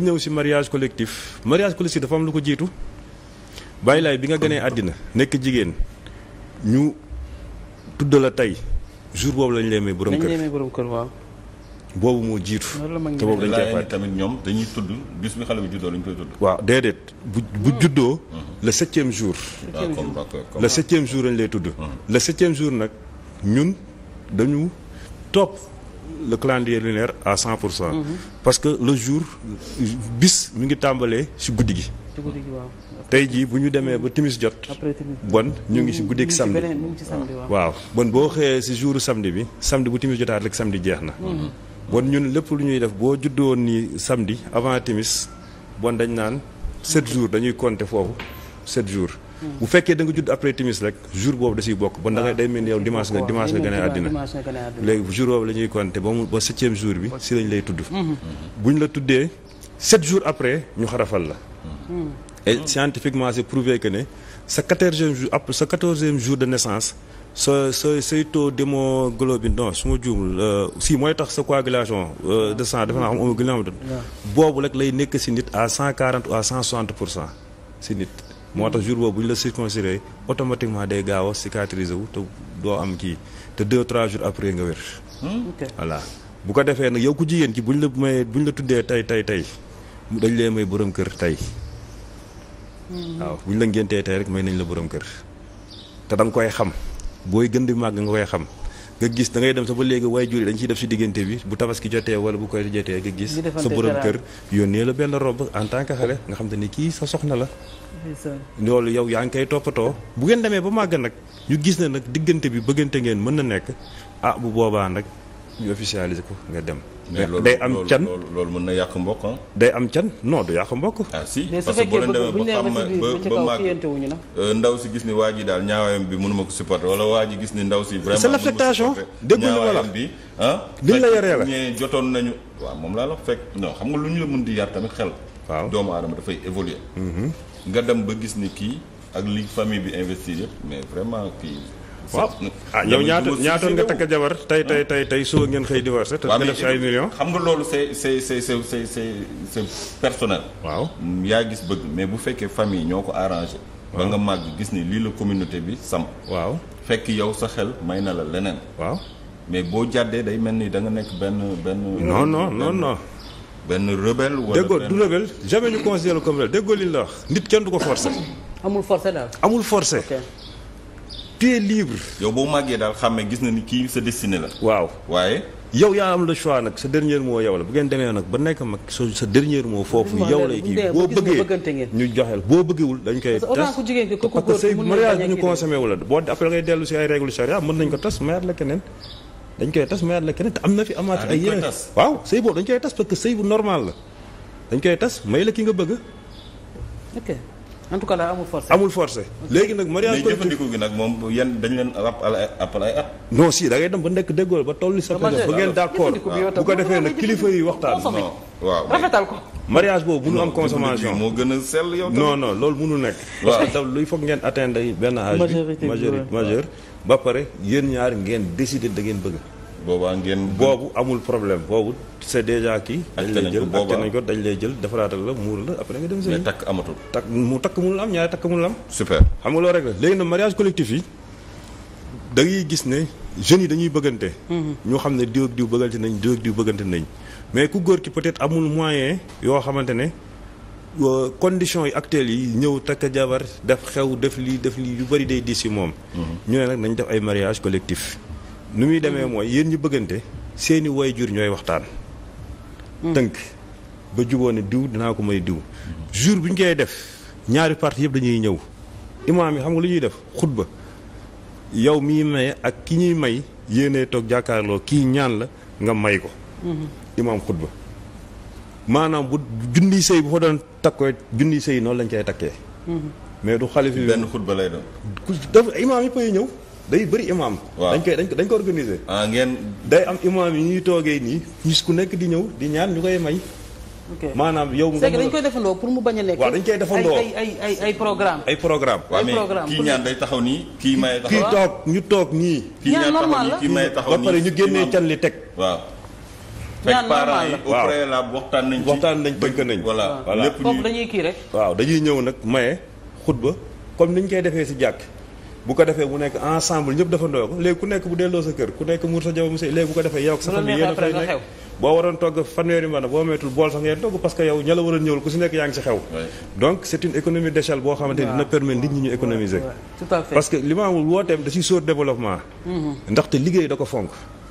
nga ñëw si mariage collectif mariage collectif dafa am lu ko jiitu bàyyi laay bi nga gënee àddina nekk jigéen ñu tudd la tey jour boobu lañ lay may borom kër lañ lay may borom kër waaw. boobu moo jiitu. te boobu dañ ñoom dañuy tudd bis bi xale lañ koy tudd. waaw déedéet bu bu hmm. juddoo. Hmm. le septième jour. Ah, le septième jour lañ lay tudd. Hmm. le septième jour nag ñun dañu topp. le calendrier lunaire à cent pour cent mhm. parce que le jour bis mi ngi tàmbalee si guddi gi tey jii bu ñu demee ba timis jot bon ñu ngi si guddi ak samedi waaw bon boo xëyee si jouru samedi bi samedi bu timis jotaat rek samedi jeex na mhm. bon ñun lépp lu ñuy def boo juddoon nii samedi avant timis bon dañ naan sept jours dañuy compter foofu sept jours bu fekkee da nga judd après timis rek jour boobu da siy bokk ba da ngay day mel ni yow dimanche nga dimanche nga gën a àddina léegi jour boobu la ñuy compter ba mu ba septième jour bi si lañ lay tudd mm-hmm. Mm-hmm. buñ la tuddee sept jours après ñu xarafal la mm-hmm. et scientifiquement c'est prouvé que ne sa quatorzième jour après sa jour de naissance sa sa say taux d'hémoglobine non su ma juumul euh, si mooy tax sa coagulation euh, de sang dafa naa xam ama gën boobu rek lay nekk si nit à cent quarante à cent soixante pour cent moo tax jour boobu bu ñu la circonciré automatiquement day gaaw a cicatriser wu te doo am kii te deux trois jours après nga wér. Hmm? voilà bu ko defee nag yow ku jigéen ki bu ñu la mayee bu ñu la tuddee tey tey tey dañ lay may boroom kër tey. Hmm. waaw bu ñu la ngéntee tey rek may nañ la borom kër te da koy xam booy gën di màgg nga koy xam. nga gis dangay dem sa ba léegi waay jur yi dañ def si diggante bi bu tabaski jotee wala bu koy jotee nga gis sa borom kër yónnee la benn robe en tant que xale nga xam ne ni kii sa soxna la loolu yow yaa ngi koy toppatoo bu ngeen demee ba màgg nag ñu gis ne nag diggante bi bëggante ngeen mën na nekk ah bu boobaa nag ñu officialiser ko nga dem. day am can loolu mën na yàq mbokk day am can non du yàq mbokk. ah si parce que boo leen demee ba xam ba ba euh, ndaw si gis ni waa ji daal ñaawaayam bi mënuma ko supporter wala waa ji gis ni ndaw si. vraiment mënuma ko supporter ñaawaayam bi ah. ni la yoree la ñee jotoon nañu. waaw moom laa la fekk non xam nga lu ñu la mën di yar tamit xel. waaw doomu aadama dafay évoluer. Mm-hmm. nga dem ba gis ni kii ak li famille bi investir yëpp mais vraiment kii. waaw ah yow ah, ñaata ñaata nga takk jabar tey tey tey tey suba ngeen xëy divorcé te nga def si ay millions xam nga loolu c'est c'est c'est c'est c'est personnel waaw yaa gis bëgg mais bu fekkee famille ñoo ko arrangé ba nga màgg gis ni lii la communauté bi sam waaw fekk yow sa xel may na la leneen waaw mais boo jàddee day mel ni da nga nekk benn benn non non non non benn rebelle wala déggoo du rebelle jamais ñu considéré comme rebelle déggoo li la wax nit kenn du ko forcé amul forcé daal amul forcé tu es libre. yow boo màggee daal xàmmee gis na ni kii sa destiné la. waaw waaye. yow yaa am le choix nag sa dernier mot yow la bu ngeen demee nag ba nekk mag sa dernier mot foofu yow lay kii boo bëggee ñu joxeel boo bëggewul ah, dañ koy tas parce sëy bu normal la dañ koy tas may la ki nga bëgg en tout cas daal amul forcé amul forcé. léegi nag mariage jëfandiku gi nag moom yéen dañ leen appal si da ngay dem ba nekk déggoo ba tollu sa. ba ngeen d'accord bu ko defee nag kilifa yi waxtaan. waaw rafetal ko. mariage boobu mënu am consommation moo gën a sell yow loolu mënul nekk. parce que luy foog ngeen atteindre benn âge. majorité majeur ba pare yéen ñaari ngeen décider da ngeen bëgg. boobaa ngeen. boobu amul problème boobu c'est déjà kii. dañ lay jël acte nañ ko dañ lay jël defaraatal la muur la après nga dem. mais takk amatul takk mu takk mënul am ñaari takk mënul am. super xam nga loolu rek la léegi nag yi gis ne jeunes yi dañuy bëggante. Mm-hmm. ñoo xam ne diw ak diw nañ diw ak diw nañ mais ku góor ki peut-être amul moyen yoo xamante ne. conditions yi actuelles yi ñëw takk jabar def xew def lii def lii yu bëri day di si moom. Mm-hmm. ñu ne nag nañ def ay mariage collectif ni muy demee mooy yéen ñi bëggante seeni waajur ñooy waxtaan. Hmm. tënk ba juboo ne diw dinaa ko may diw. jour bu ñu koy def ñaari parti yëpp dañuy ñëw imaam yi xam nga lu ñuy def xutba yow mi maye ak ki ñuy may yéenee toog jàkkaarloo kii ñaan la nga may ko. Hmm. imaam xutba maanaam bu junniy sëy bu fa doon takkoo junniy sëy noonu lañ koy takkee. Hmm. mais du xalif bi benn xutba lay doon. ku def imaam yëpp ay ñëw. day bëri imaam. waaw dañ koy dañ ko dañ ko organiser. Ah, ngeen. day am imaam yi ñuy toogee nii ñu ku nekk di ñëw di ñaan ñu koy may. maanaam yow. nga dañ koy defandoo pour mu bañ a dañ koy defandoo ay ay ay ay programme ay programme waaw mais kii ñaan day taxaw nii kii may taxaw ñu toog nii. ñaan normal la kii may taxaw nii ba ñu génnee can li teg. waaw. ñaan normal la fekk parents yi waxtaan nañ ci waxtaan nañ tënk nañ. voilà lépp dañuy kii rek. waaw dañuy ñëw nag maye xutba comme niñ koy defee si jàkk bu ko defee mu nekk ensemble ñëpp dafa ndoo ko léegi ku nekk bu delloo sa kër ku nekk muur sa jabar monsieur léegi bu ko defee yow ak sa famille yéen a fay nekk boo waroon togg fanweeri mën boo meetul bool sax ngeen togg parce que yow ña ñëwul ku si nekk yaa ngi si xew donc c'est une économie d'échelle boo xamante ni dina permettre nit ñi ñu économiser parce que li ma amul wooteem da si sóor développement mm-hmm. ndaxte liggéey da ko fonk